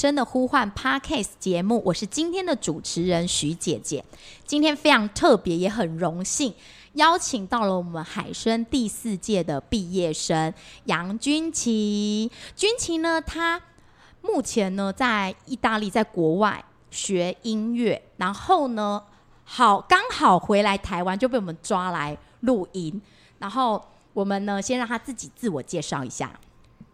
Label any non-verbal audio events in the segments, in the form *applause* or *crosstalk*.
深的呼喚 Podcast 節目，我是今天的主持人徐姐姐。今天非常特別，也很榮幸邀請到了我們海聲第四屆的畢業生楊鈞淇。鈞淇呢，他目前呢在意大利，在國外學音樂。然後呢，好剛好回來台灣就被我們抓來錄音。然後我們呢，先讓他自己自我介紹一下。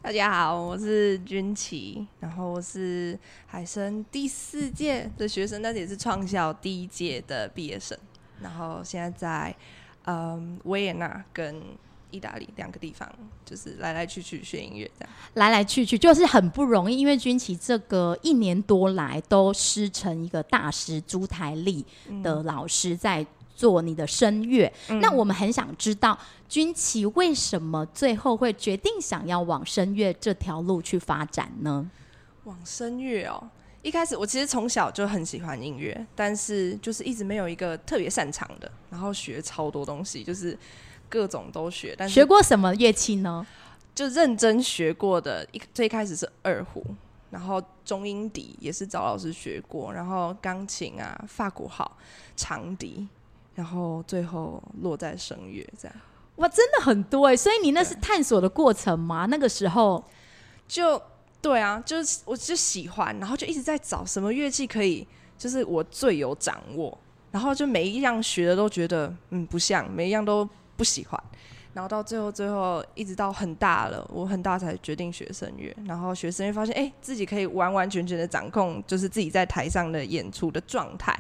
大家好，我是鈞淇，然後我是海聲第四屆的學生，但是也是創校第一屆的畢業生，然後現在在嗯、呃、維也納跟意大利兩個地方，就是來來去去學音樂這樣，來來去去就是很不容易，因為鈞淇這個一年多來都師承一個大師朱苔麗的老師在、嗯。做你的聲樂，嗯，那我們很想知道鈞淇為什麼最後會決定想要往聲樂這條路去發展呢？往聲樂哦，一開始我其實從小就很喜歡音樂，但是就是一直沒有一個特別擅長的，然後學超多東西，就是各種都學。但是學過什麼樂器呢？就認真學過的一最開始是二胡，然後中音笛也是找老師學過，然後鋼琴啊，法國號，長笛。然後最後落在聲樂，這樣。哇，真的很多欸，所以你那是探索的過程嗎？對那個時候就對啊，就是我就喜歡，然後就一直在找什麼樂器可以，就是我最有掌握，然後就每一樣學的都覺得嗯不像，每一樣都不喜歡，然後到最後最後一直到很大了，我很大才決定學聲樂，然後學聲樂發現哎，自己可以完完全全的掌控，就是自己在台上的演出的狀態。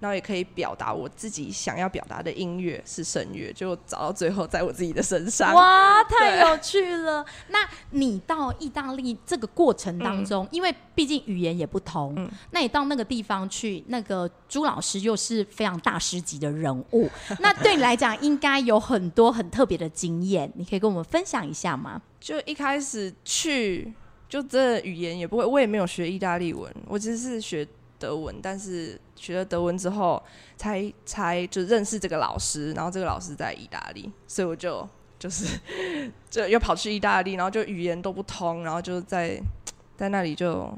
然後也可以表達我自己想要表達的音樂是聲樂，就找到最後在我自己的身上。哇，太有趣了！對那你到意大利這個過程當中，嗯、因為畢竟語言也不同，嗯、那你到那個地方去，那個朱老師又是非常大師級的人物， *laughs* 那對你來講應該有很多很特別的經驗，你可以跟我們分享一下嗎？就一開始去，就這語言也不會，我也沒有學意大利文，我只是學德文，但是。學了德文之後，才才就認識這個老師，然後這個老師在意大利，所以我就就是就又跑去意大利，然後就語言都不通，然後就在在那裡就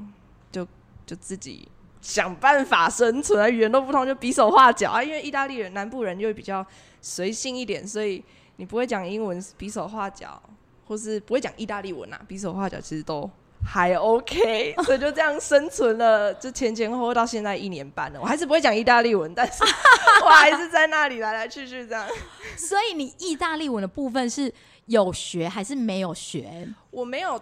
就就自己想辦法生存啊。語言都不通就比手畫腳啊，因為意大利人南部人就會比較隨性一點，所以你不會講英文比手畫腳，或是不會講意大利文啊，比手畫腳其實都。還 OK，所以就這樣生存了，就前前後後到現在一年半了。我還是不會講意大利文，但是我還是在那裡 *laughs* 來來去去這樣。所以你意大利文的部分是有學還是沒有學？我沒有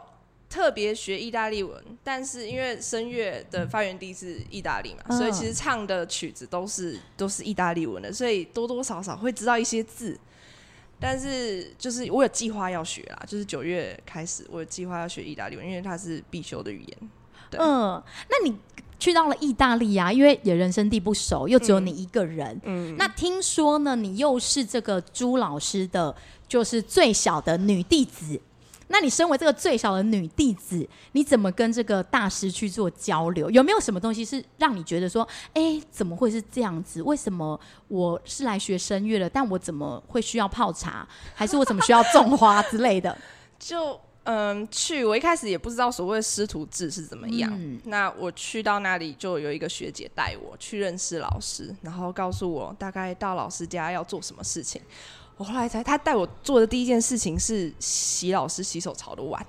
特別學意大利文，但是因為聲樂的發源地是意大利嘛，嗯。所以其實唱的曲子都是都是意大利文的，所以多多少少會知道一些字。但是，就是我有計劃要學啦，就是九月開始，我有計劃要學意大利文，因為它是必修的語言。嗯，呃，那你去到了意大利呀？因為也人生地不熟，又只有你一個人。嗯，嗯，那聽說呢，你又是這個朱老師的，就是最小的女弟子。那你身為這個最小的女弟子，你怎麼跟這個大師去做交流？有沒有什麼東西是讓你覺得說，哎、欸，怎麼會是這樣子？為什麼我是來學聲樂的，但我怎麼會需要泡茶，還是我怎麼需要種花之類的？ *laughs* 就嗯、呃，去我一開始也不知道所謂的師徒制是怎麼樣。嗯、那我去到那裡，就有一個學姐帶我去認識老師，然後告訴我大概到老師家要做什麼事情。我後來才，他帶我做的第一件事情是洗老師洗手槽的碗，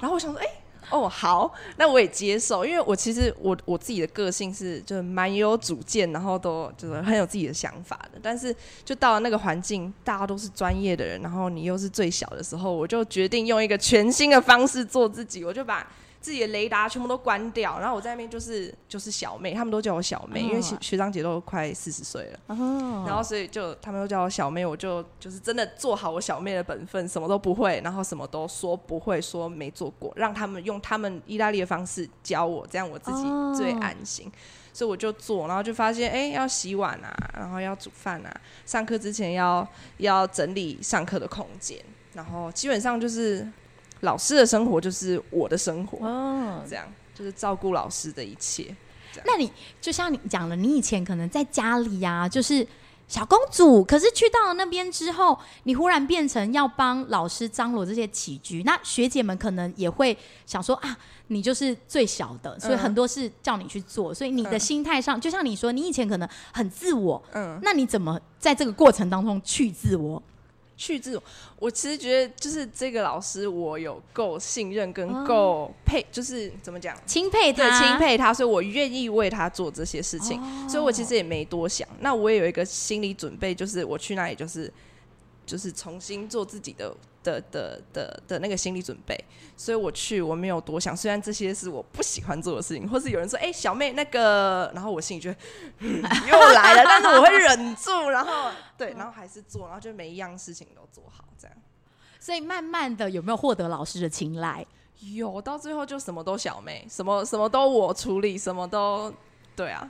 然後我想說，哎，哦，好，那我也接受，因為我其實我我自己的個性是就是蠻有主見，然後都就是很有自己的想法的，但是就到了那個環境，大家都是專業的人，然後你又是最小的時候，我就決定用一個全新的方式做自己，我就把。自己的雷達全部都關掉，然後我在那邊就是就是小妹，他們都叫我小妹，因為學學長姐都快四十歲了，然後所以就他們都叫我小妹，我就就是真的做好我小妹的本分，什麼都不會，然後什麼都說不會，說沒做過，讓他們用他們意大利的方式教我，這樣我自己最安心，oh. 所以我就做，然後就發現誒、欸、要洗碗啊，然後要煮飯啊，上課之前要要整理上課的空間，然後基本上就是。老師的生活就是我的生活哦，這樣就是照顧老師的一切。那你就像你講了，你以前可能在家裡呀，啊，就是小公主，可是去到了那邊之後，你忽然變成要幫老師張羅這些起居。那學姐們可能也會想說啊，你就是最小的，所以很多事叫你去做。嗯，所以你的心態上，嗯，就像你說，你以前可能很自我，嗯，那你怎麼在這個過程當中去自我？去這種，我其實覺得就是這個老師，我有夠信任跟夠配，oh。就是怎麼講，欽佩他，欽佩他，所以我願意為他做這些事情，oh。所以我其實也沒多想。那我也有一個心理準備，就是我去那裡，就是就是重新做自己的。的的的的那個心理準備，所以我去我沒有多想，雖然這些是我不喜歡做的事情，或是有人說哎、欸、小妹那個，然後我心裡就、嗯、又來了， *laughs* 但是我會忍住，然後對，然後還是做，然後就每一樣事情都做好這樣，所以慢慢的有沒有獲得老師的青睞？有，到最後就什麼都小妹，什麼什麼都我處理，什麼都對啊。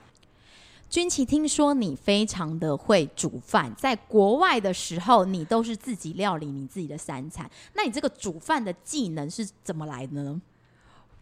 鈞淇聽說你非常的會煮飯，在國外的時候你都是自己料理你自己的三餐，那你這個煮飯的技能是怎麼來的呢？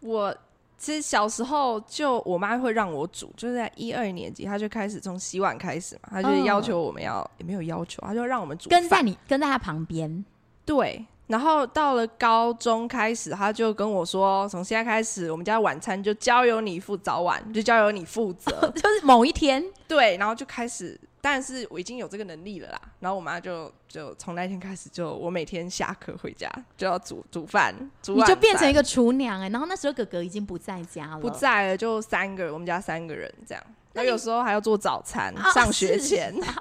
我其實小時候就我媽會讓我煮，就是在一二年級，她就開始從洗碗開始嘛，她就要求我們要、哦、也沒有要求，她就讓我們煮飯，跟在你跟在她旁邊，對。然後到了高中開始，他就跟我說：“從現在開始，我們家晚餐就交由你負，早晚就交由你負責。” *laughs* 就是某一天，對，然後就開始，但是我已經有這個能力了啦。然後我媽就就從那天開始就，就我每天下課回家就要煮煮飯，煮晚餐，你就變成一個廚娘哎、欸。然後那時候哥哥已經不在家了，不在了，就三個人，我們家三個人這樣。那你然後有時候還要做早餐，啊、上學前。吧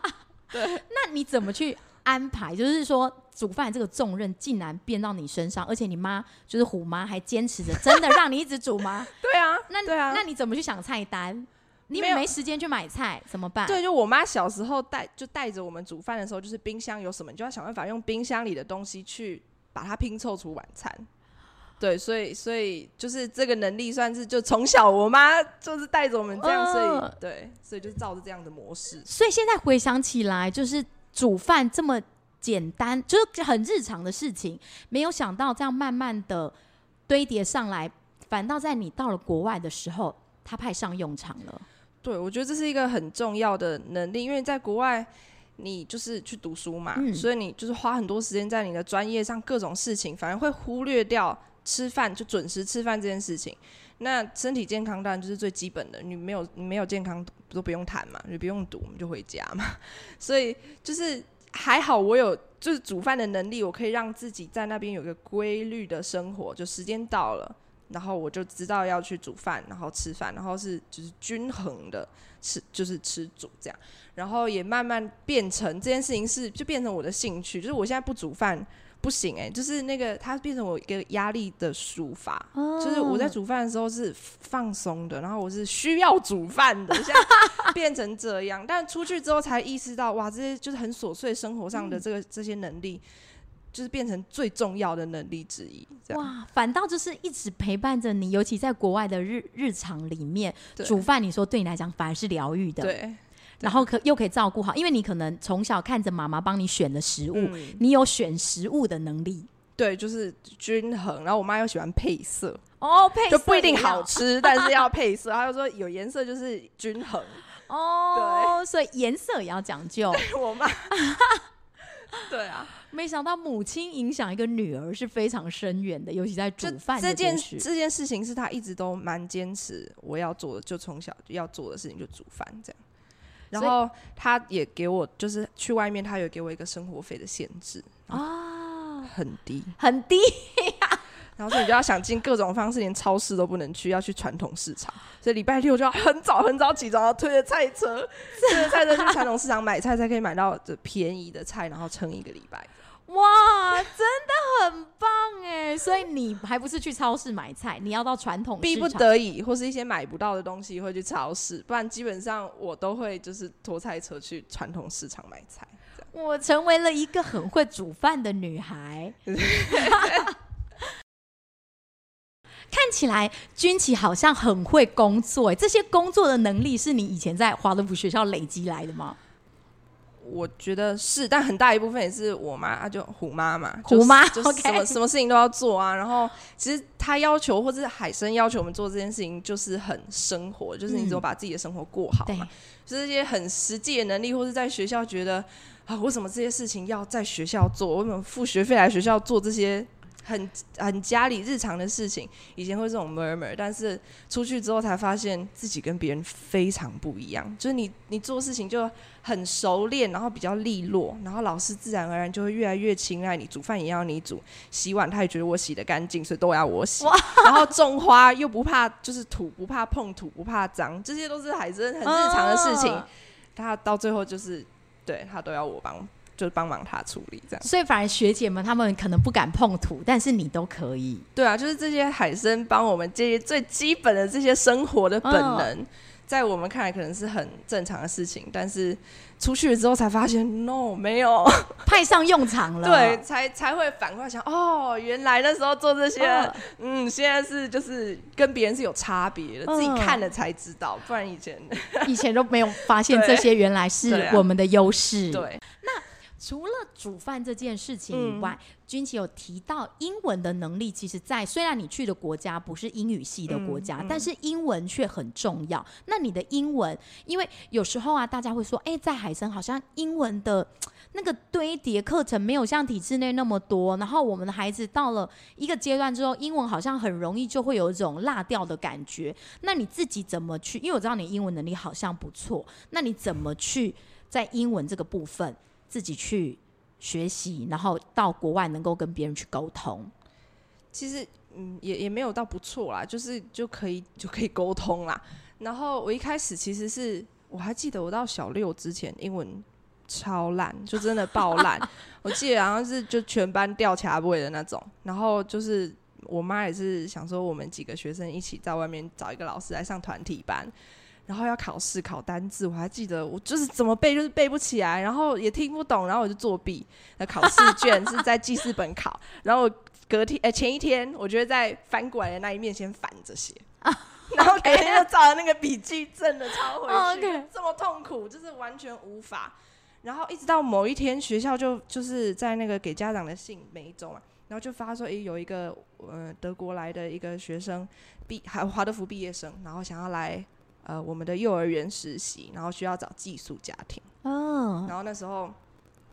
對， *laughs* 那你怎麼去安排？就是說。煮飯這個重任竟然變到你身上，而且你媽就是虎媽還堅持着，真的讓你一直煮嗎？ *laughs* 對啊，那對啊，那你怎麼去想菜單？你有沒有？沒有，沒時間去買菜怎麼辦？對，就我媽小時候帶就帶着我們煮飯的時候，就是冰箱有什麼，你就要想辦法用冰箱裡的東西去把它拼湊出晚餐。對，所以所以就是這個能力算是就從小我媽就是帶着我們這樣、哦、所以對，所以就是照着這樣的模式。所以現在回想起來，就是煮飯這麼。簡單就是很日常的事情，沒有想到這樣慢慢的堆疊上來，反倒在你到了國外的時候，它派上用場了。對，我覺得這是一個很重要的能力，因為在國外你就是去讀書嘛，嗯、所以你就是花很多時間在你的專業上各種事情，反而會忽略掉吃飯，就準時吃飯這件事情。那身體健康當然就是最基本的，你沒有你沒有健康都不用談嘛，你不用讀，我們就回家嘛。所以就是。還好我有就是煮飯的能力，我可以讓自己在那邊有一個規律的生活。就時間到了，然後我就知道要去煮飯，然後吃飯，然後是就是均衡的吃，就是吃煮這樣。然後也慢慢變成這件事情是就變成我的興趣，就是我現在不煮飯。不行哎、欸，就是那個，它變成我一個壓力的抒發。Oh. 就是我在煮飯的時候是放鬆的，然後我是需要煮飯的，像變成這樣。 *laughs* 但出去之後才意識到，哇，這些就是很瑣碎生活上的這個這些能力，嗯、就是變成最重要的能力之一。哇，反倒就是一直陪伴着你，尤其在國外的日日常裡面對煮飯，你說對你來講反而是療癒的，對。然後可又可以照顧好，因為你可能從小看着媽媽幫你選的食物，嗯、你有選食物的能力。對，就是均衡。然後我媽又喜歡配色哦，配色就不一定好吃， *laughs* 但是要配色。她就說有顏色就是均衡哦，對所以顏色也要講究。我媽 *laughs* *laughs* 對啊，沒想到母親影響一個女兒是非常深遠的，尤其在煮飯這件事，這件事情是她一直都蠻堅持，我要做的就從小就要做的事情就煮飯這樣。然後他也給我，就是去外面，他有給我一個生活費的限制啊，很低，很低。然後所以你就要想盡各種方式，連超市都不能去，要去傳統市場。所以禮拜六就要很早很早起床，推着菜車，推着菜車去傳統市場買菜，才可以買到這便宜的菜，然後撐一個禮拜。哇，真的很棒哎！所以你還不是去超市買菜，你要到傳統市場，逼不得已或是一些買不到的東西會去超市，不然基本上我都會就是拖菜車去傳統市場買菜。我成為了一個很會煮飯的女孩。看起來鈞淇好像很會工作，哎，這些工作的能力是你以前在華德福學校累積來的嗎？我覺得是，但很大一部分也是我媽、啊，就虎媽媽嘛，虎媽就是什麼 Okay 什麼事情都要做啊。然後其實她要求，或者海聲要求我們做這件事情，就是很生活，就是你只有把自己的生活過好嘛。嗯、對就是一些很實際的能力，或者在學校覺得啊，為什麼這些事情要在學校做？我怎麼付學費來學校做這些？很很家裡日常的事情，以前會這種 murmur，但是出去之後才發現自己跟別人非常不一樣。就是你你做事情就很熟練，然後比較利落，然後老師自然而然就會越來越青睞你。煮飯也要你煮，洗碗他也覺得我洗得乾淨，所以都要我洗。哇 然後種花又不怕，就是土不怕碰土，不怕髒，這些都是海聲很日常的事情。啊、他到最後就是對他都要我幫。就幫忙他處理這樣，所以反而學姐們他們可能不敢碰土，但是你都可以。對啊，就是這些海聲幫我們建立最基本的這些生活的本能，oh. 在我們看來可能是很正常的事情，但是出去了之後才發現，no，沒有派上用場了。對，才才會反過來想，哦，原來那時候做這些，oh. 嗯，現在是就是跟別人是有差別的，oh. 自己看了才知道，不然以前以前都沒有發現這些原來是、啊、我們的優勢。對，那。除了煮飯這件事情以外，鈞淇、嗯、有提到英文的能力，其實，在雖然你去的國家不是英語系的國家，嗯嗯、但是英文卻很重要。那你的英文，因為有時候啊，大家會說，哎、欸，在海聲好像英文的那個堆疊課程沒有像體制內那麼多。然後我們的孩子到了一個階段之後，英文好像很容易就會有一種落掉的感覺。那你自己怎麼去？因為我知道你英文能力好像不錯，那你怎麼去在英文這個部分？自己去學習，然後到國外能夠跟別人去溝通。其實，嗯，也也沒有到不錯啦，就是就可以就可以溝通啦。然後我一開始其實是我還記得，我到小六之前英文超爛，就真的爆爛。 *laughs* 我記得好像是就全班吊卡位的那種。然後就是我媽也是想說，我們幾個學生一起在外面找一個老師來上團體班。然後要考試考單字，我還記得我就是怎麼背就是背不起來，然後也聽不懂，然後我就作弊。考試卷是在記事本考， *laughs* 然後我隔天呃前一天，我覺得在翻過來的那一面先反着寫 *laughs* 然後第二天又照着那個筆記正的抄回去， *laughs* 這麼痛苦，就是完全無法。然後一直到某一天，學校就就是在那個給家長的信每一周嘛，然後就發說，誒有一個呃德國來的一個學生畢還華德福畢業生，然後想要來。呃，我們的幼兒園實習，然後需要找寄宿家庭。Oh. 然後那時候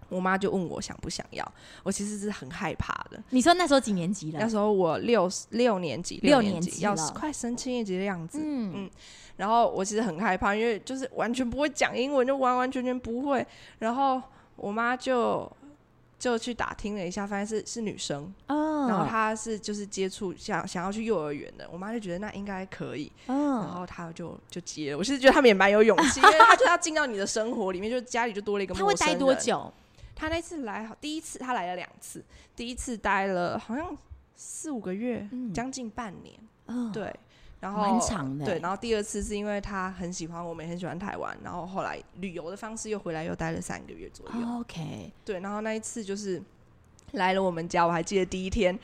我媽就問我想不想要，我其實是很害怕的。你說那時候幾年級了？那時候我六六年級，六年級，六年級要快升七年級的樣子。嗯嗯，然後我其實很害怕，因為就是完全不會講英文，就完完全全不會。然後我媽就。就去打聽了一下，發現是是女生，oh. 然後她是就是接觸想想要去幼兒園的，我媽就覺得那應該可以，oh. 然後她就就接了。我其實覺得他們也蠻有勇氣， *laughs* 因為他就要進到你的生活裡面，就家裡就多了一個陌生人。他會待多久？他那次來，第一次他來了兩次，第一次待了好像四五個月，將近半年。嗯，oh. 對。然後蠻長的。對，然後第二次是因為他很喜歡我們，很喜歡台灣，然後後來旅遊的方式又回來，又待了三個月左右。Oh, OK。對，然後那一次就是來了我們家，我還記得第一天，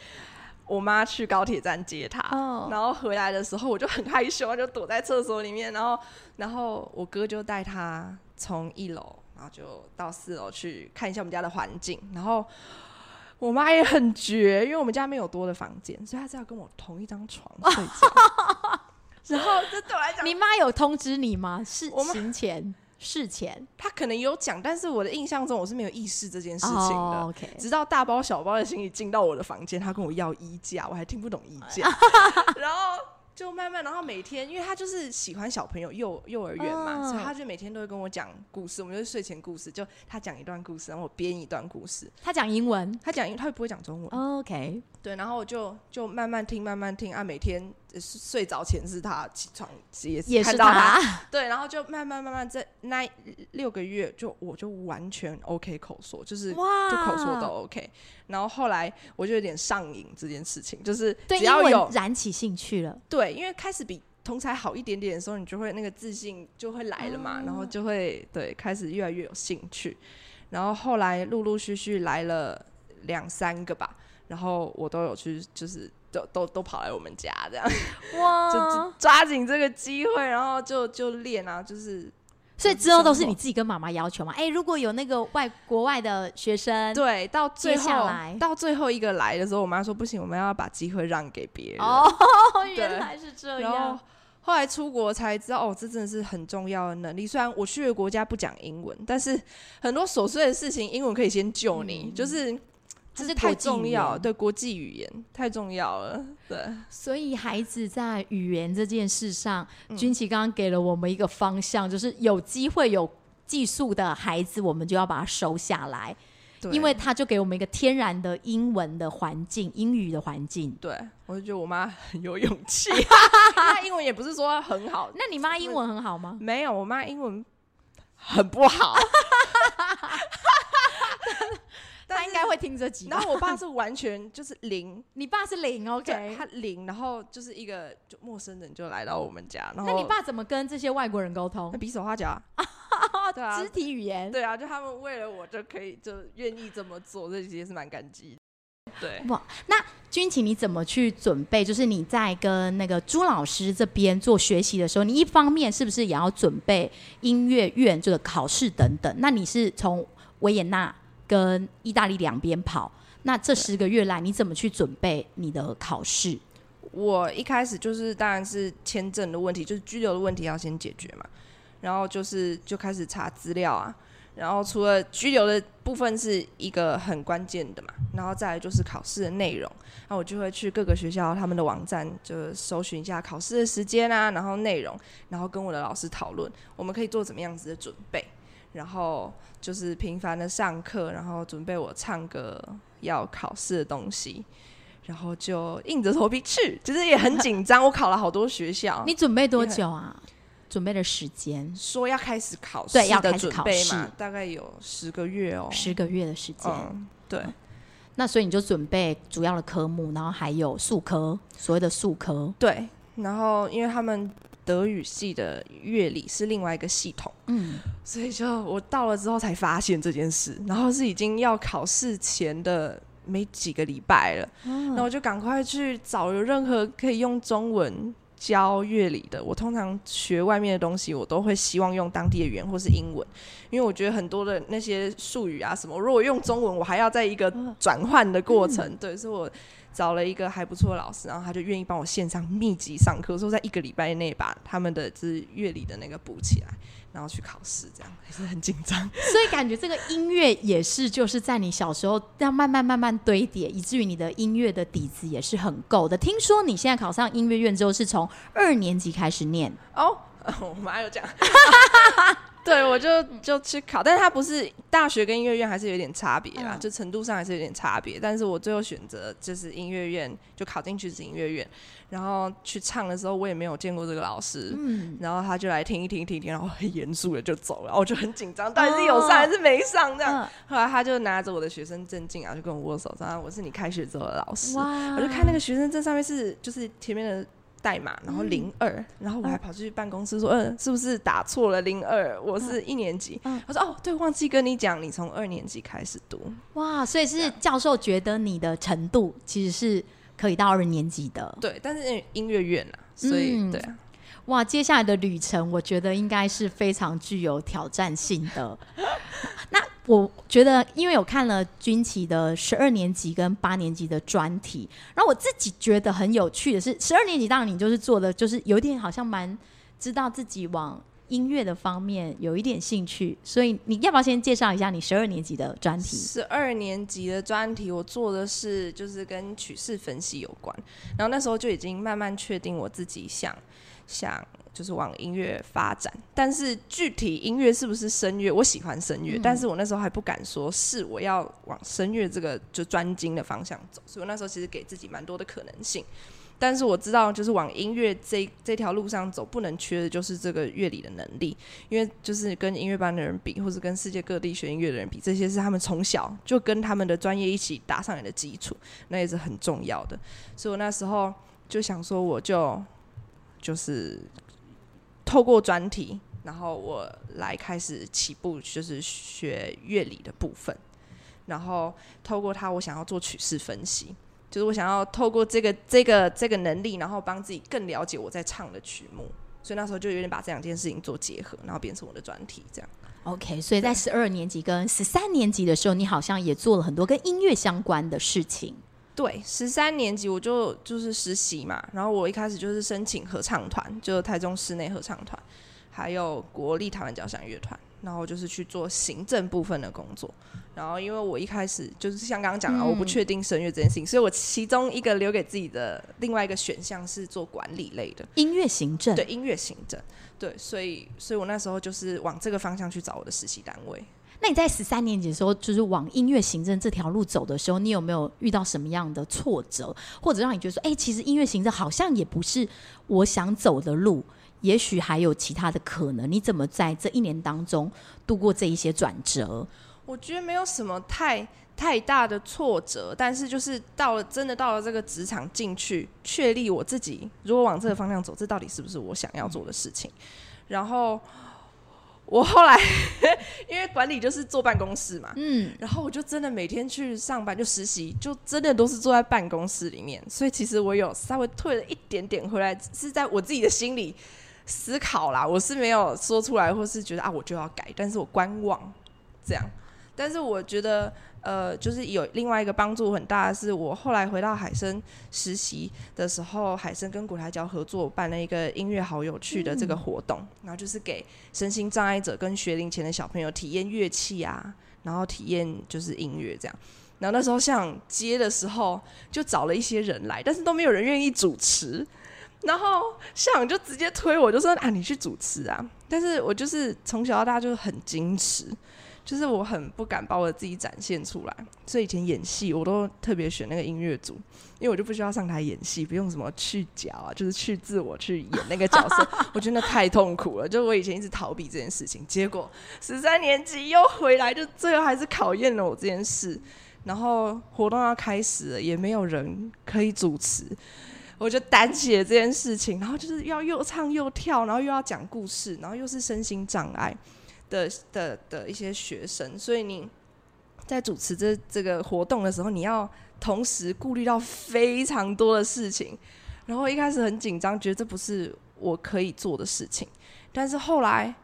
我媽去高鐵站接他，oh. 然後回來的時候我就很害羞，就躲在廁所裡面，然後然後我哥就帶他從一樓，然後就到四樓去看一下我們家的環境，然後。我媽也很絕，因為我們家沒有多的房間，所以她是要跟我同一張床睡覺。 *laughs* *laughs* 然後，這對我來講，你媽有通知你嗎？事我媽行前、事前，她可能有講，但是我的印象中，我是沒有意識這件事情的。Oh, okay. 直到大包小包的行李進到我的房間，她跟我要衣架，我還聽不懂衣架。 *laughs* 然後。就慢慢，然後每天，因為他就是喜歡小朋友幼，幼幼兒園嘛，Oh. 所以他就每天都會跟我講故事，我們就是睡前故事，就他講一段故事，然後我編一段故事。他講英文，他講英，他不會講中文。Oh, OK，對，然後我就就慢慢聽，慢慢聽啊，每天。睡睡着前是他起床，也是看到他也是他，對，然後就慢慢慢慢在那六個月，就我就完全 OK 口說，就是哇，就口說都 OK。哇然後後來我就有點上癮這件事情，就是只要有燃起興趣了，對，因為開始比同儕好一點點的時候，你就會那個自信就會來了嘛，哇然後就會對開始越來越有興趣。然後後來陸陸續續來了兩三個吧，然後我都有去就是。都都都跑來我們家這樣，哇！就就抓緊這個機會，然後就就練啊，就是，所以之後都是你自己跟媽媽要求嘛。哎、欸，如果有那個外國外的學生，對，到最後來到最後一個來的時候，我媽說不行，我們要把機會讓給別人。哦，對原來是這樣。然後後來出國才知道，哦，這真的是很重要的能力。雖然我去的國家不講英文，但是很多瑣碎的事情，英文可以先救你，嗯、就是。這是太重要，對國際語言太重要了，對。對所以孩子在語言這件事上，鈞淇剛剛給了我們一個方向，就是有機會有技術的孩子，我們就要把他收下來，對因為他就給我們一個天然的英文的環境，英語的環境。對我就覺得我媽很有勇氣， *laughs* 她英文也不是說很好， *laughs* 那你媽英文很好嗎？沒有，我媽英文很不好。 *laughs* *laughs* 聽着，然後我爸是完全就是零， *laughs* 你爸是零，OK，他零，然後就是一個陌生人就來到我們家，然後那你爸怎麼跟這些外國人溝通？他比手畫腳、啊， *laughs* 對啊，肢體語言對，對啊，就他們為了我就可以就願意這麼做，這其實是蠻感激的，對。哇，那鈞淇你怎麼去準備？就是你在跟那個朱老師這邊做學習的時候，你一方面是不是也要準備音樂院這個考試等等？那你是從維也納？跟意大利兩邊跑，那這十個月來你怎麼去準備你的考試？我一開始就是，當然是簽證的問題，就是居留的問題要先解決嘛。然後就是就開始查資料啊。然後除了居留的部分是一個很關鍵的嘛，然後再來就是考試的內容。那我就會去各個學校他們的網站，就搜尋一下考試的時間啊，然後內容，然後跟我的老師討論，我們可以做怎麼樣子的準備。然後就是頻繁的上課，然後準備我唱歌要考試的東西，然後就硬着頭皮去，其、就、實、是、也很緊張。 *laughs* 我考了好多學校。你準備多久啊？很準備的時間說要開始考試，對，要開始考試，大概有十個月哦，十個月的時間。嗯、對、嗯，那所以你就準備主要的科目，然後還有術科，所謂的術科。對，然後因為他們德語系的樂理是另外一個系統，嗯。所以就我到了之後才發現這件事，然後是已經要考試前的沒幾個禮拜了，嗯、那我就趕快去找有任何可以用中文教樂理的。我通常學外面的東西，我都會希望用當地的語言或是英文，因為我覺得很多的那些術語啊什麼，如果用中文，我還要在一個轉換的過程。嗯、對，所以我找了一個還不錯的老師，然後他就願意幫我線上密集上課，所以在一個禮拜內把他們的就是樂理的那個補起來。然後去考試，這樣還是很緊張。 *laughs* 所以感覺這個音樂也是，就是在你小時候要慢慢慢慢堆疊，以至於你的音樂的底子也是很夠的。聽說你現在考上音樂院之後，是從二年級開始念哦。我媽有講，對，我就就去考，但是它不是大學跟音樂院還是有點差別啦，嗯、就程度上還是有點差別。但是我最後選擇就是音樂院，就考進去是音樂院。然後去唱的時候，我也沒有見過這個老師，嗯、然後他就來聽一聽，聽聽，然後很嚴肅的就走了，然後我就很緊張，到底、哦、是有上還是沒上這樣？啊、後來他就拿着我的學生證進啊，然後就跟我握手，然後說我是你開學之後的老師，哇我就看那個學生證上面是就是前面的代碼，然後零二、嗯，然後我還跑出去辦公室說，嗯、啊呃，是不是打錯了零二？我是一年級，他、啊、說哦對，忘記跟你講，你從二年級開始讀，哇，所以是教授覺得你的程度其實是。可以到二年級的，對，但是因為音樂院啊，所以、嗯、對、啊、哇，接下來的旅程我覺得應該是非常具有挑戰性的。 *laughs* 那我覺得，因為我看了鈞淇的十二年級跟八年級的專題，然後我自己覺得很有趣的是，十二年級當你就是做的，就是有點好像蠻知道自己往。音樂的方面有一點興趣，所以你要不要先介紹一下你十二年級的專題？十二年級的專題，我做的是就是跟曲式分析有關，然後那時候就已經慢慢確定我自己想想就是往音樂發展，但是具體音樂是不是聲樂，我喜歡聲樂，嗯、但是我那時候還不敢說是我要往聲樂這個就專精的方向走，所以我那時候其實給自己蠻多的可能性。但是我知道，就是往音樂這這條路上走，不能缺的就是這個樂理的能力，因為就是跟音樂班的人比，或者跟世界各地學音樂的人比，這些是他們從小就跟他們的專業一起打上來的基礎，那也是很重要的。所以我那時候就想說，我就就是透過專題，然後我來開始起步，就是學樂理的部分，然後透過它，我想要做曲式分析。就是我想要透過這個、這個、這個能力，然後幫自己更了解我在唱的曲目，所以那時候就有點把這兩件事情做結合，然後變成我的專題這樣。OK，對所以在十二年級跟十三年級的時候，你好像也做了很多跟音樂相關的事情。對，十三年級我就就是實習嘛，然後我一開始就是申請合唱團，就台中室內合唱團，還有國立台灣交響樂團。然後就是去做行政部分的工作。然後因為我一開始就是像剛剛講啊，嗯、我不確定聲樂這件事情，所以我其中一個留給自己的另外一個選項是做管理類的音樂行政。對，音樂行政。對，所以，所以我那時候就是往這個方向去找我的實習單位。那你在十三年級的時候，就是往音樂行政這條路走的時候，你有沒有遇到什麼樣的挫折，或者讓你覺得說，哎、欸，其實音樂行政好像也不是我想走的路？也許還有其他的可能，你怎麼在這一年當中度過這一些轉折？我覺得沒有什麼太太大的挫折，但是就是到了真的到了這個職場進去，確立我自己，如果往這個方向走，嗯，這到底是不是我想要做的事情？然後，我後來，呵呵，因為管理就是坐辦公室嘛，嗯，然後我就真的每天去上班，就實習，就真的都是坐在辦公室裡面，所以其實我有稍微退了一點點回來，是在我自己的心裡。思考啦，我是沒有說出來，或是覺得啊，我就要改，但是我觀望這樣。但是我覺得，呃，就是有另外一個幫助很大的是，是我後來回到海聲實習的時候，海聲跟國台交合作，我辦了一個音樂好有趣的這個活動，嗯、然後就是給身心障礙者跟學齡前的小朋友體驗樂器啊，然後體驗就是音樂這樣。然後那時候像接的時候，就找了一些人來，但是都沒有人願意主持。然後校長就直接推我，就說啊，你去主持啊！但是我就是從小到大就是很矜持，就是我很不敢把我自己展現出來，所以以前演戲我都特別選那個音樂組，因為我就不需要上台演戲，不用什麼去角啊，就是去自我去演那個角色， *laughs* 我覺得太痛苦了。就我以前一直逃避這件事情，結果十三年級又回來，就最後還是考驗了我這件事。然後活動要開始了，也沒有人可以主持。我就擔起了這件事情，然後就是要又唱又跳，然後又要講故事，然後又是身心障礙的的的，的一些學生，所以你在主持這這個活動的時候，你要同時顧慮到非常多的事情，然後一開始很緊張，覺得這不是我可以做的事情，但是後來。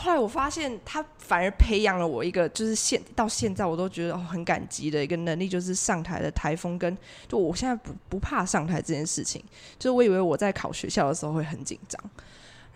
後來我發現，他反而培養了我一個，就是現到現在我都覺得很感激的一個能力，就是上台的台風跟就我現在不不怕上台這件事情。就是我以為我在考學校的時候會很緊張，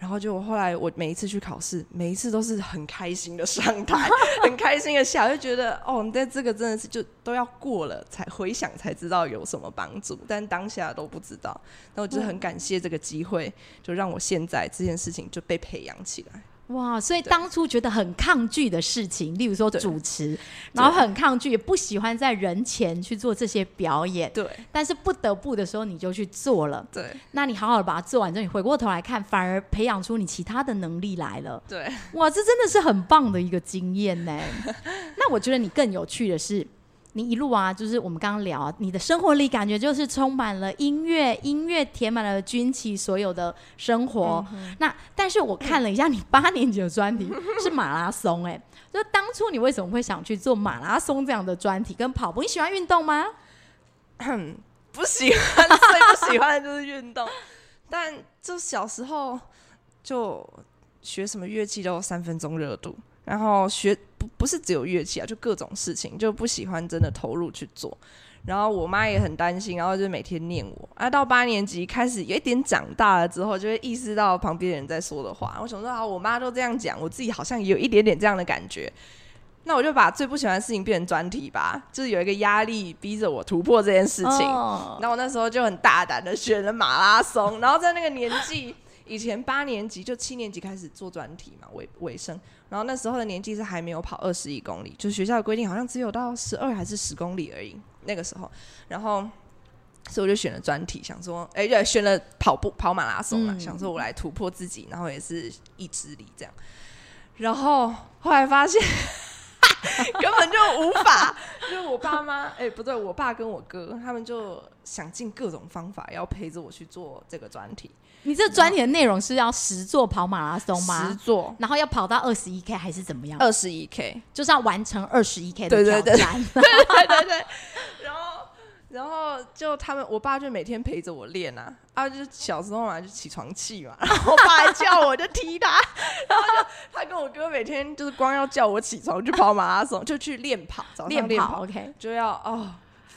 然後就後來我每一次去考試，每一次都是很開心的上台， *laughs* 很開心的笑，就覺得哦，你在這個真的是就都要過了才回想才知道有什麼幫助，但當下都不知道。那我就很感謝這個機會，就讓我現在這件事情就被培養起來。哇！Wow, 所以當初覺得很抗拒的事情，對例如說主持，對然後很抗拒，對也不喜歡在人前去做這些表演。對，但是不得不的時候，你就去做了。對，那你好好把它做完之後，你回過頭來看，反而培養出你其他的能力來了。對，哇，這真的是很棒的一個經驗呢。 *laughs* 那我覺得你更有趣的是，你一路啊，就是我們剛剛聊你的生活裡感覺就是充滿了音樂，音樂填滿了鈞淇所有的生活。嗯、哼那但是我看了一下你八年級的專題是馬拉松、欸，哎， *laughs* 就當初你為什麼會想去做馬拉松這樣的專題跟跑步？你喜歡運動嗎、嗯？不喜歡，最不喜歡的就是運動。 *laughs* 但就小時候就學什麼樂器都有三分鐘熱度，然後學。不不是只有樂器啊，就各種事情，就不喜歡真的投入去做。然後我媽也很擔心，然後就每天念我。哎、啊，到八年級開始有一點長大了之後，就會意識到旁邊的人在說的話。我想說，好，我媽都這樣講，我自己好像也有一點點這樣的感覺。那我就把最不喜歡的事情變成專題吧，就是有一個壓力逼着我突破這件事情。那我、oh. 那時候就很大膽的選了馬拉松， *laughs* 然後在那個年紀。以前八年級就七年級開始做專題嘛，尾尾聲。然後那時候的年紀是還沒有跑二十一公里，就學校的規定好像只有到十二還是十公里而已。那個時候，然後所以我就選了專題，想說，哎、欸，就選了跑步跑馬拉松嘛，嗯、想說我來突破自己，然後也是意志力這樣。然後後來發現 *laughs* *laughs* 根本就無法， *laughs* 就是我爸媽，哎、欸，不對，我爸跟我哥他們就想盡各種方法要陪着我去做這個專題。你這專題的內容是要十座跑馬拉松嗎？十座做，然後要跑到二十一 K 還是怎麼樣？二十一 K 就是要完成二十一 K 的挑戰。對對對對，對， *laughs* 然後然後就他們，我爸就每天陪着我練啊啊！啊就小時候嘛，就起床氣嘛，然後我爸還叫我就踢他， *laughs* 然後就他跟我哥每天就是光要叫我起床就跑馬拉松， *laughs* 就去練跑，練跑，早上練跑 OK，就要哦。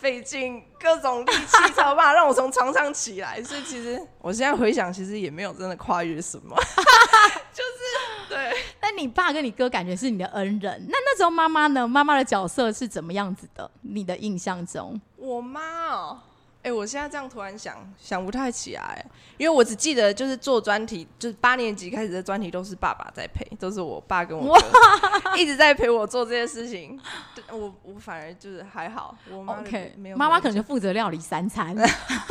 費盡各種力氣，才有辦法讓我從床上起來。 *laughs* 所以其實我現在回想，其實也沒有真的跨越什麼， *laughs* *laughs* 就是對。但你爸跟你哥感覺是你的恩人，那那時候媽媽呢？媽媽的角色是怎麼樣子的？你的印象中，我媽哦、喔哎、欸，我現在這樣突然想想不太起來，因為我只記得就是做專題，就是八年級開始的專題都是爸爸在陪，都是我爸跟我哇 一直在陪我做這件事情。 *laughs* 我我反而就是還好，我 OK 沒有，媽媽可能就負責料理三餐。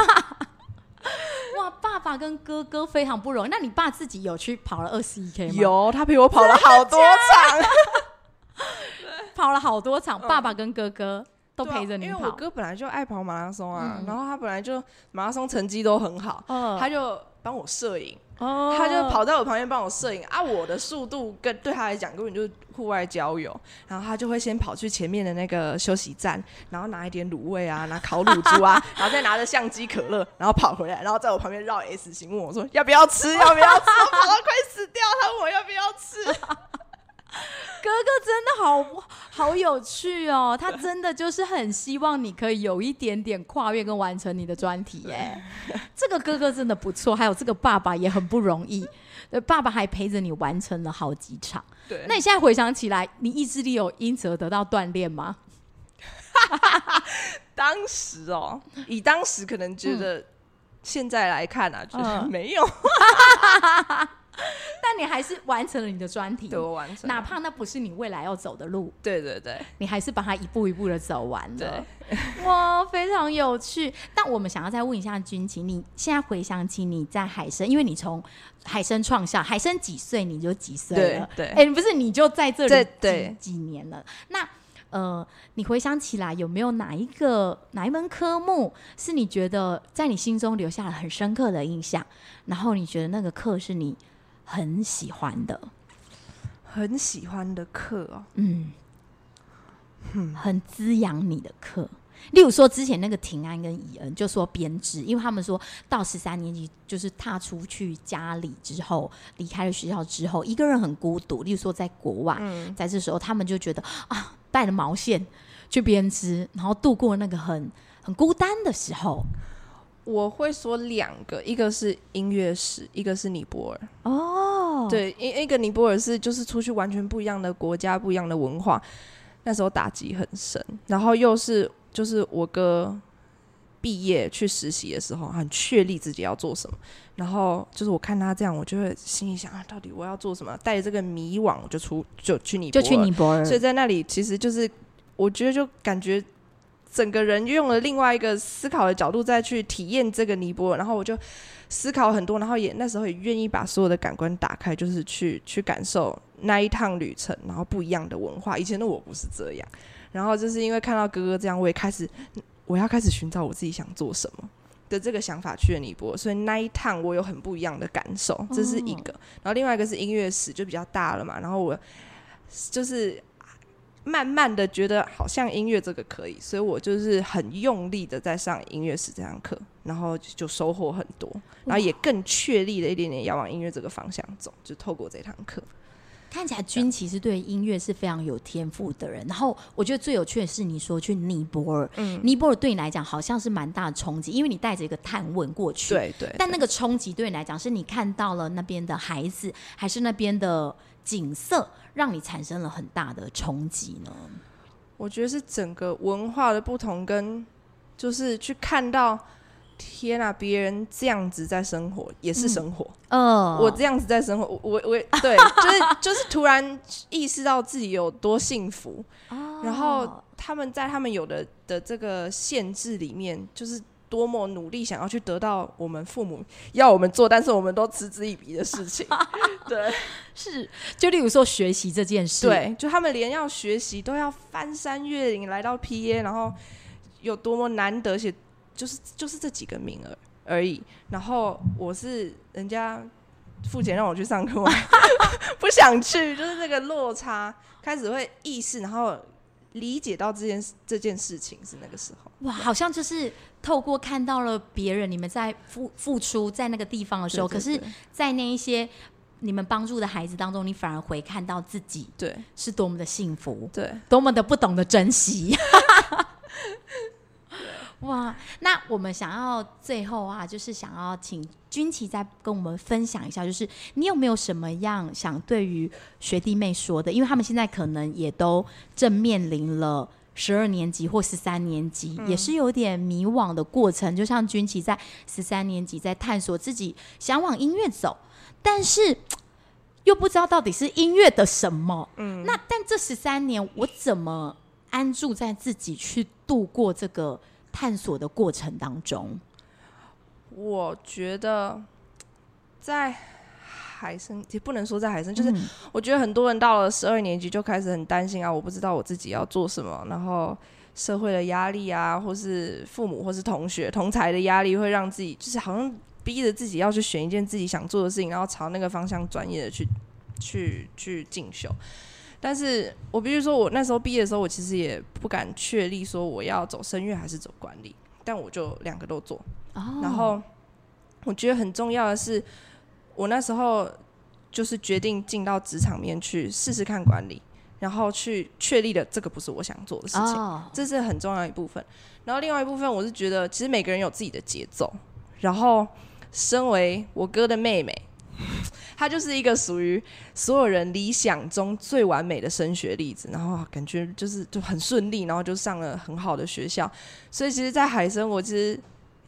*laughs* *laughs* 哇，爸爸跟哥哥非常不容易。那你爸自己有去跑了二十一 K 嗎？有，他陪我跑了好多場，的的 *laughs* 跑了好多場。對爸爸跟哥哥。都陪着你、啊，因為我哥本來就愛跑馬拉松啊，嗯、然後他本來就馬拉松成績都很好，嗯、他就幫我攝影，嗯、他就跑在我旁邊幫我攝影，嗯、我我攝影啊。我的速度跟對他來講根本就是戶外交友。然後他就會先跑去前面的那個休息站，然後拿一點滷味啊，拿烤乳豬啊， *laughs* 然後再拿着相機、可樂，然後跑回來，然後在我旁邊繞 S 型問我說要不要吃，要不要吃，我 *laughs* 跑到快死掉，他問我要不要吃。 *laughs* 哥哥真的好好有趣哦，他真的就是很希望你可以有一點點跨越跟完成你的專題耶。哎對，這個哥哥真的不錯，還有這個爸爸也很不容易，對，爸爸還陪着你完成了好幾場。對，那你現在回想起來，你意志力有因此而得到鍛鍊嗎？ *laughs* 當時哦，以當時可能覺得，現在來看啊，就是沒有、嗯。 *laughs* *laughs* 但你還是完成了你的專題，對，完成，哪怕那不是你未來要走的路，對對對，你還是把它一步一步的走完對，哇，非常有趣。 *laughs* 但我們想要再問一下鈞淇，你現在回想起你在海聲，因為你從海聲創校，海聲幾歲你就幾歲了？對、對，哎，不是，你就在這裡幾對對，幾年了？那呃，你回想起來有沒有哪一個哪一門科目是你覺得在你心中留下了很深刻的印象？然後你覺得那個課是你。很喜歡的，很喜歡的課哦，嗯，哼很滋養你的課。例如說，之前那個庭安跟怡恩就說編織，因為他們說到十三年級就是踏出去家裡之後，離開了學校之後，一個人很孤獨。例如說，在國外，嗯、在這時候，他們就覺得啊，帶着毛線去編織，然後度過那個很很孤單的時候。我會說兩個，一個是音樂史，一個是尼泊爾。哦，oh. 對，一一個尼泊爾是就是出去完全不一樣的國家，不一樣的文化，那時候打擊很深。然後又是就是我哥畢業去實習的時候，很確立自己要做什麼。然後就是我看他這樣，我就會心裡想啊，到底我要做什麼啊？帶着這個迷惘，我就出就去尼就去尼泊爾。所以在那裡，其實就是我覺得就感覺。整個人用了另外一個思考的角度再去體驗這個尼泊爾，然後我就思考很多，然後也那時候也願意把所有的感官打開，就是去去感受那一趟旅程，然後不一樣的文化。以前的我不是這樣，然後就是因為看到哥哥這樣，我也開始我要開始尋找我自己想做什麼的這個想法去了尼泊爾，所以那一趟我有很不一樣的感受，這是一個。然後另外一個是音樂史就比較大了嘛，然後我就是。慢慢的覺得好像音樂這個可以，所以我就是很用力的在上音樂史這堂課，然後就收穫很多，然後也更確立了一點點要往音樂這個方向走，就透過這堂課。哇看起來鈞其實對音樂是非常有天賦的人，對然後我覺得最有趣的是你說去尼泊爾，尼泊爾對你來講好像是蠻大的衝擊，因為你帶着一個探問過去，對,對對，但那個衝擊對你來講是你看到了那邊的孩子，還是那邊的？景色讓你產生了很大的衝擊呢？我覺得是整個文化的不同跟，跟就是去看到天啊，別人這樣子在生活也是生活。嗯，我這樣子在生活，嗯、我我，我對，就是就是突然意識到自己有多幸福 *laughs* 然後他們在他們有的的這個限制裡面，就是。多麼努力想要去得到我們父母要我們做，但是我們都嗤之以鼻的事情，對， *laughs* 是就例如說學習這件事，對，就他們連要學習都要翻山越嶺來到 P. a 然後有多麼難得，寫就是就是這幾個名兒而已。然後我是人家父親讓我去上課， *laughs* *laughs* 不想去，就是那個落差開始會意識，然後理解到這件這件事情是那個時候哇，好像就是。透過看到了別人，你們在付付出在那個地方的時候，對對對，可是，在那一些你們幫助的孩子當中，你反而回看到自己，對，是多麼的幸福，對，多麼的不懂得珍惜。 *laughs* *laughs* 哇！那我們想要最後啊，就是想要請鈞淇再跟我們分享一下，就是你有沒有什麼樣想對於學弟妹說的？因為他們現在可能也都正面臨了。十二年級或十三年級、嗯、也是有點迷惘的過程，就像鈞淇在十三年級在探索自己想往音樂走，但是又不知道到底是音樂的什麼。嗯，那但這十三年我怎麼安住在自己去度過這個探索的過程當中？我覺得在。海聲也不能說在海聲，就是我覺得很多人到了十二年級就開始很擔心啊，我不知道我自己要做什麼，然後社會的壓力啊，或是父母或是同學同儕的壓力，會讓自己就是好像逼着自己要去選一件自己想做的事情，然後朝那個方向專業的去去去進修。但是我比如說我那時候畢業的時候，我其實也不敢確立說我要走聲樂還是走管理，但我就兩個都做。Oh. 然後我覺得很重要的是。我那時候就是決定進到職場面去試試看管理，然後去確立了這個不是我想做的事情，oh. 這是很重要一部分。然後另外一部分，我是覺得其實每個人有自己的節奏。然後，身為我哥的妹妹，她就是一個屬於所有人理想中最完美的升學例子。然後感覺就是就很順利，然後就上了很好的學校。所以，其實，在海聲，我其實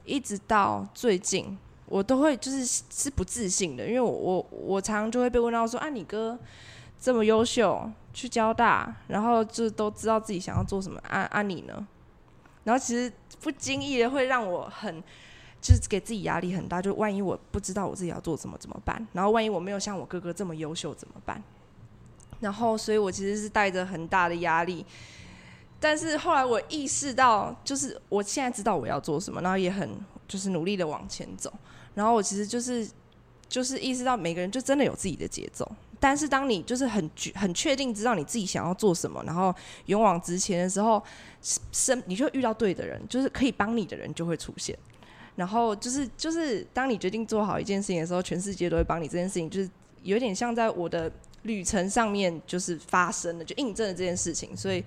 一直到最近。我都會就是是不自信的，因為我我我常常就會被問到說：“啊，你哥這麼優秀，去交大，然後就都知道自己想要做什麼，啊啊你呢？”然後其實不經意的會讓我很就是給自己壓力很大，就萬一我不知道我自己要做什麼怎麼辦？然後萬一我沒有像我哥哥這麼優秀怎麼辦？然後，所以我其實是帶着很大的壓力。但是後來我意識到，就是我現在知道我要做什麼，然後也很就是努力的往前走。然後我其實就是，就是意識到每個人就真的有自己的節奏。但是當你就是很很確定知道你自己想要做什麼，然後勇往直前的時候，生你就遇到對的人，就是可以幫你的人就會出現。然後就是就是當你決定做好一件事情的時候，全世界都會幫你。這件事情就是有點像在我的旅程上面就是發生的，就印證了這件事情。所以。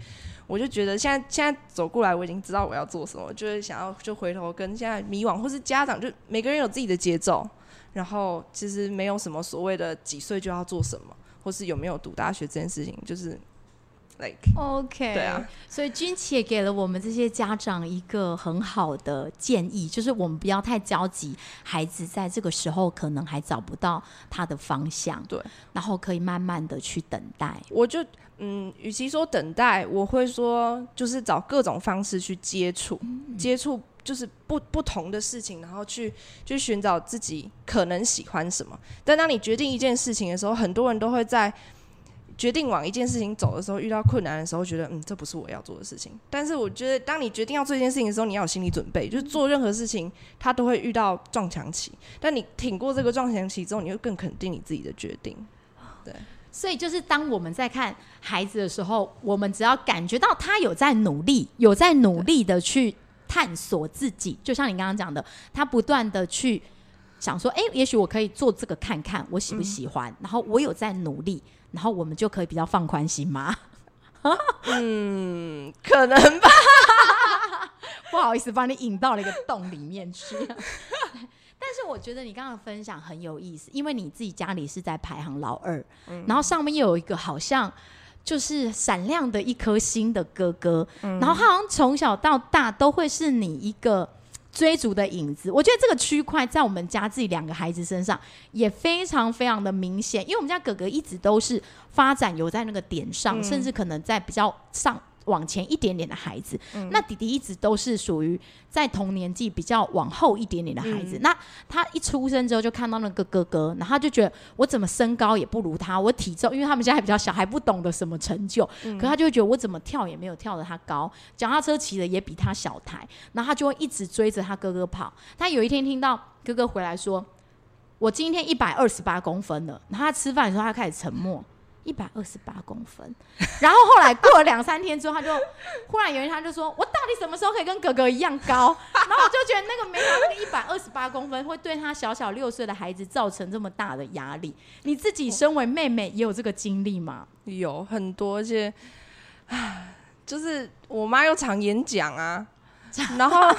我就覺得現在現在走過來，我已經知道我要做什麼，就是想要就回頭跟現在迷惘或是家長，就每個人有自己的節奏，然後其實沒有什麼所謂的幾歲就要做什麼，或是有沒有讀大學這件事情，就是 like OK 對啊，所以鈞淇也給了我們這些家長一個很好的建議，就是我們不要太焦急，孩子在這個時候可能還找不到他的方向，對，然後可以慢慢的去等待。我就。嗯，與其說等待，我會說就是找各種方式去接觸，嗯嗯，接觸就是不不同的事情，然後去去尋找自己可能喜歡什麼。但當你決定一件事情的時候，很多人都會在決定往一件事情走的時候遇到困難的時候，覺得嗯，這不是我要做的事情。但是我覺得，當你決定要做一件事情的時候，你要有心理準備，嗯、就是做任何事情，他都會遇到撞牆期。但你挺過這個撞牆期之後，你就更肯定你自己的決定，對。哦。所以，就是當我們在看孩子的時候，我們只要感覺到他有在努力，有在努力的去探索自己，就像你剛剛講的，他不斷的去想說：“哎、欸，也許我可以做這個看看，我喜不喜歡？”嗯、然後我有在努力，然後我們就可以比較放寬心嗎？ *laughs* 嗯，可能吧。 *laughs* 不好意思，把你引到了一個洞裡面去。 *laughs* 但是我覺得你剛剛分享很有意思，因為你自己家裡是在排行老二，嗯、然後上面又有一個好像就是閃亮的一顆星的哥哥，嗯、然後他好像從小到大都會是你一個追逐的影子。我覺得這個區塊在我們家自己兩個孩子身上也非常非常的明顯，因為我們家哥哥一直都是發展有在那個點上，嗯、甚至可能在比較上往前一點點的孩子，嗯、那弟弟一直都是屬於在同年紀比較往後一點點的孩子。嗯、那他一出生之後就看到那個哥哥，然後他就覺得我怎麼身高也不如他，我體重因為他們家還比較小，還不懂得什麼成就，嗯、可他就覺得我怎麼跳也沒有跳得他高，腳踏車騎的也比他小台，然後他就會一直追着他哥哥跑。他有一天聽到哥哥回來說：“我今天一百二十八公分了。”然後他吃飯的時候他開始沉默。嗯一百二十八公分，然後後來過了兩三天之後，他就忽然有一天，他就說：“我到底什麼時候可以跟哥哥一樣高？”然後我就覺得那個沒有那個一百二十八公分會對他小小六歲的孩子造成這麼大的壓力。你自己身為妹妹也有這個經歷嗎？ *laughs* 有很多，而且，就是我媽又常演講啊，然後。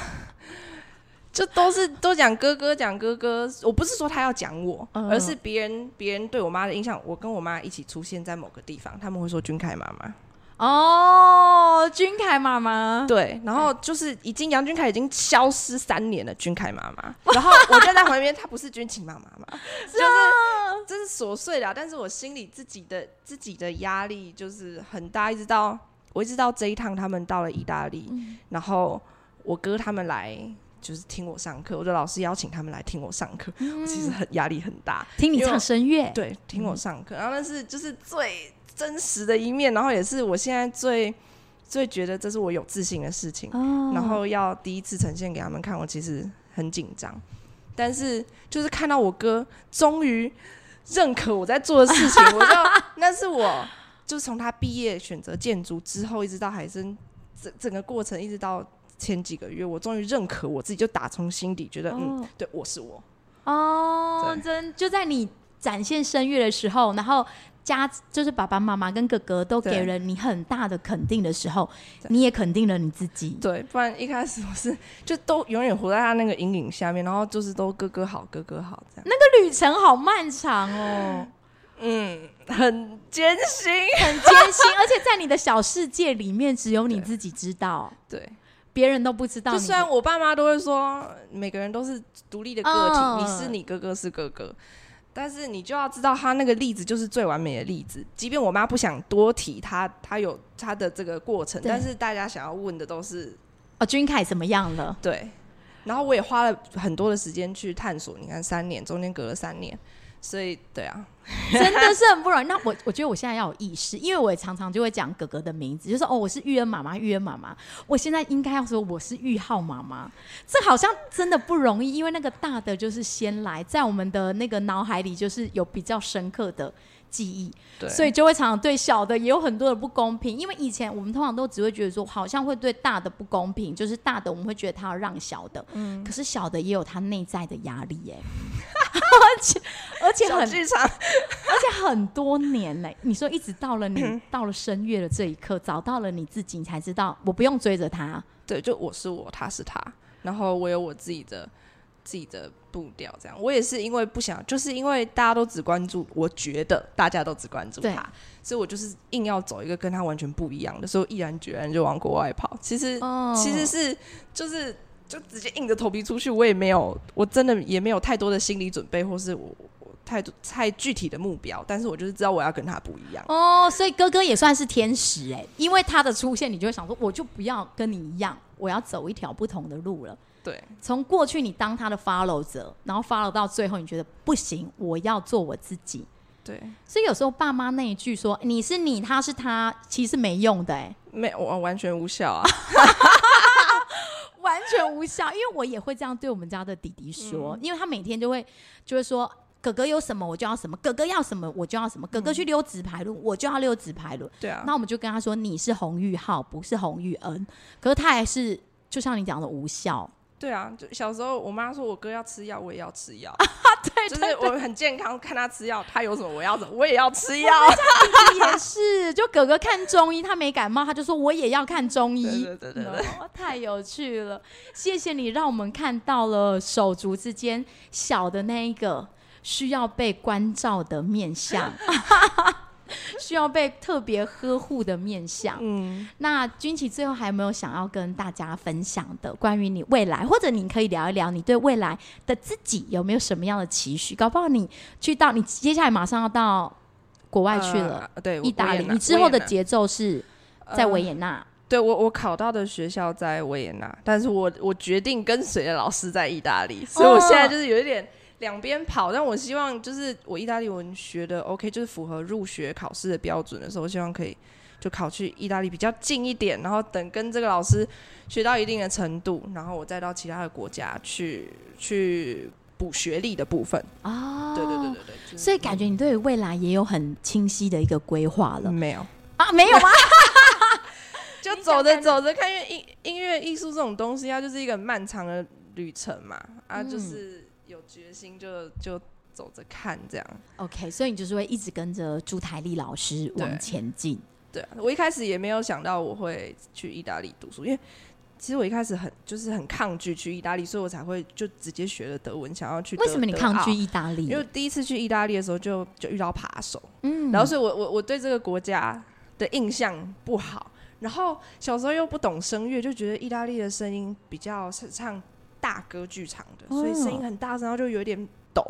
就都是都講哥哥講哥哥，我不是說他要講我，uh. 而是別人別人對我媽的印象。我跟我媽一起出現在某個地方，他們會說君凱媽媽“ oh, 君凱媽媽”。哦，君凱媽媽。對，然後就是已經楊君凱已經消失三年了，君凱媽媽。嗯、然後我站在旁邊， *laughs* 他不是鈞淇媽媽嘛，就是，是、啊、這是瑣碎的、啊，但是我心裡自己的自己的壓力就是很大，一直到我一直到這一趟他們到了意大利，嗯、然後我哥他們來。就是聽我上課，我的老師邀請他們來聽我上課，嗯、我其實很壓力很大。聽你唱聲樂，對，聽我上課，嗯、然後那是就是最真實的一面，然後也是我現在最最覺得這是我有自信的事情。哦、然後要第一次呈現給他們看，我其實很緊張，但是就是看到我哥終於認可我在做的事情，嗯、我知道那是我 *laughs* 就是從他畢業選擇建築之後，一直到海聲整整個過程一直到。前幾個月，我終於認可我自己，就打從心底覺得，oh. 嗯，對，我是我哦，oh, 對真就在你展現聲樂的時候，然後家就是爸爸媽媽跟哥哥都給了你很大的肯定的時候，對你也肯定了你自己。對，不然一開始我是就都永遠活在他那個陰影下面，然後就是都哥哥好，哥哥好這樣。那個旅程好漫長哦、喔， *laughs* 嗯，很艱辛，很艱辛， *laughs* 而且在你的小世界裡面，只有你自己知道。對。對別人都不知道，就雖然我爸媽都會說，每個人都是獨立的個體，你是你，哥哥是哥哥，但是你就要知道他那個例子就是最完美的例子。即便我媽不想多提他，他有他的這個過程，但是大家想要問的都是哦，鈞淇怎麼樣了？對，然後我也花了很多的時間去探索。你看三年中間隔了三年，所以對啊。 *laughs* 真的是很不容易。那我我覺得我現在要有意識，因為我也常常就會講哥哥的名字，就是哦，我是育兒媽媽，育兒媽媽。我現在應該要說我是育浩媽媽，這好像真的不容易，因為那個大的就是先來，在我們的那個腦海裡就是有比較深刻的記憶，對所以就會常常對小的也有很多的不公平。因為以前我們通常都只會覺得說，好像會對大的不公平，就是大的我們會覺得他要讓小的，嗯，可是小的也有他內在的壓力，欸，哎。 *laughs* 而且， *laughs* *laughs* 而且很，劇而且很多年嘞。 *laughs* 你說，一直到了你 *laughs* 到了聲樂的這一刻，找到了你自己，你才知道，我不用追着他啊。對，就我是我，他是他，然後我有我自己的自己的步調。這樣，我也是因為不想，就是因為大家都只關注，我覺得大家都只關注他，對所以我就是硬要走一個跟他完全不一樣的，所以我毅然決然就往國外跑。其實，oh. 其實是就是。就直接硬着頭皮出去，我也沒有，我真的也沒有太多的心理準備，或是我，我太多太具體的目標。但是，我就是知道我要跟他不一樣哦。Oh, 所以，哥哥也算是天使哎、欸，因為他的出現，你就會想說，我就不要跟你一樣，我要走一條不同的路了。對，從過去你當他的 follow 者，然後 follow 到最後，你覺得不行，我要做我自己。對，所以有時候爸媽那一句說，你是你，他是他，其實沒用的哎、欸，沒，我完全無效啊。 *laughs* *laughs* 完全無效，因為我也會這樣對我們家的弟弟說，嗯、因為他每天就會就是說哥哥有什麼我就要什麼，哥哥要什麼我就要什麼，哥哥去溜直排輪我就要溜直排輪。對啊、嗯，那我們就跟他說，你是洪玉浩，不是洪玉恩，可是他還是就像你講的無效。對啊，就小時候我媽說我哥要吃藥，我也要吃藥。 *laughs* 對，對，就是我很健康，看他吃藥，他有什麼我要什麼，我也要吃藥。家也是， *laughs* 就哥哥看中醫，他沒感冒，他就說我也要看中醫。對對對，對，no, 太有趣了， *laughs* 謝謝你讓我們看到了手足之間小的那一個需要被關照的面相。 *laughs* *laughs* *laughs* 需要被特別呵護的面相。嗯，那鈞淇最後還有沒有想要跟大家分享的關於你未來，或者你可以聊一聊你對未來的自己有沒有什麼樣的期許？搞不好你去到你接下來馬上要到國外去了，呃、對，意大利，你之後的節奏是在維也納、呃。對我，我考到的學校在維也納，但是我我決定跟隨的老師在意大利，哦、所以我現在就是有一點。兩邊跑，但我希望就是我意大利文學的 OK，就是符合入學考試的標準的時候，我希望可以就考去意大利比較近一點，然後等跟這個老師學到一定的程度，然後我再到其他的國家去去補學歷的部分。啊、哦，對對對對對，就是、所以感覺你對未來也有很清晰的一個規劃了，沒有啊？沒有啊 *laughs* *laughs* 就走着走着看，因為音音樂藝術這種東西，它就是一個漫長的旅程嘛，啊，就是。嗯有決心就就走着看這樣，OK。所以你就是會一直跟着朱台麗老師往前進。對，我一開始也沒有想到我會去意大利讀書，因為其實我一開始很就是很抗拒去意大利，所以我才會就直接學了德文，想要去。為什麼你抗拒意大利？因為第一次去意大利的時候就就遇到扒手，嗯，然後所以我我我對這個國家的印象不好。然後小時候又不懂聲樂，就覺得意大利的聲音比較是唱，大歌劇場的，所以聲音很大聲，然後就有點抖。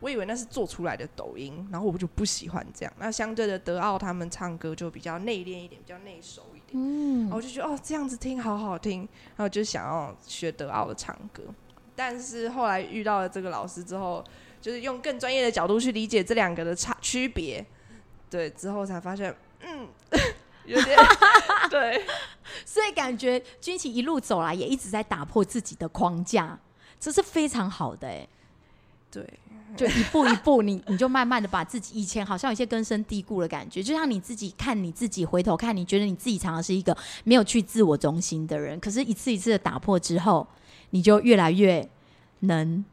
我以為那是做出來的抖音，然後我就不喜歡這樣。那相對的，德奧他們唱歌就比較內斂一點，比較內收一點。嗯，我就覺得哦，這樣子聽好好聽，然後就想要學德奧的唱歌。但是後來遇到了這個老師之後，就是用更專業的角度去理解這兩個的差區別，對，之後才發現，嗯。 *laughs* 哈哈， *laughs* *laughs* 對，所以感覺鈞淇一路走來也一直在打破自己的框架，這是非常好的哎、欸。對，就一步一步你，你 *laughs* 你就慢慢的把自己以前好像有一些根深蒂固的感覺，就像你自己看你自己，回頭看，你覺得你自己常常是一個沒有去自我中心的人，可是，一次一次的打破之後，你就越來越能。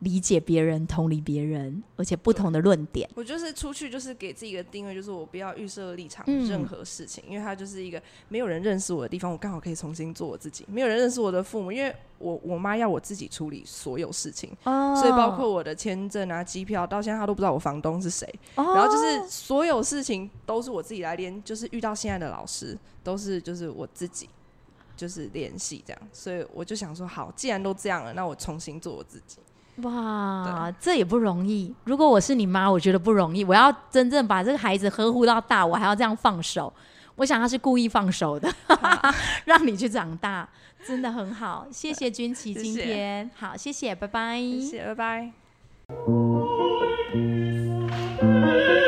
理解別人，同理別人，而且不同的論點。我就是出去，就是給自己一個定位，就是我不要預設立場，任何事情，嗯、因為他就是一個沒有人認識我的地方，我剛好可以重新做我自己。沒有人認識我的父母，因為我我媽要我自己處理所有事情，哦、所以包括我的簽證啊、機票，到現在她都不知道我房東是誰。哦、然後就是所有事情都是我自己來連，連就是遇到現在的老師都是就是我自己就是聯繫這樣。所以我就想說，好，既然都這樣了，那我重新做我自己。哇，對這也不容易。如果我是你媽，我覺得不容易。我要真正把這個孩子呵護到大，我還要這樣放手。我想他是故意放手的，啊、 *laughs* 讓你去長大， *laughs* 真的很好。謝謝鈞淇，今天謝謝。好，謝謝，拜拜，謝謝，拜拜。拜拜哦。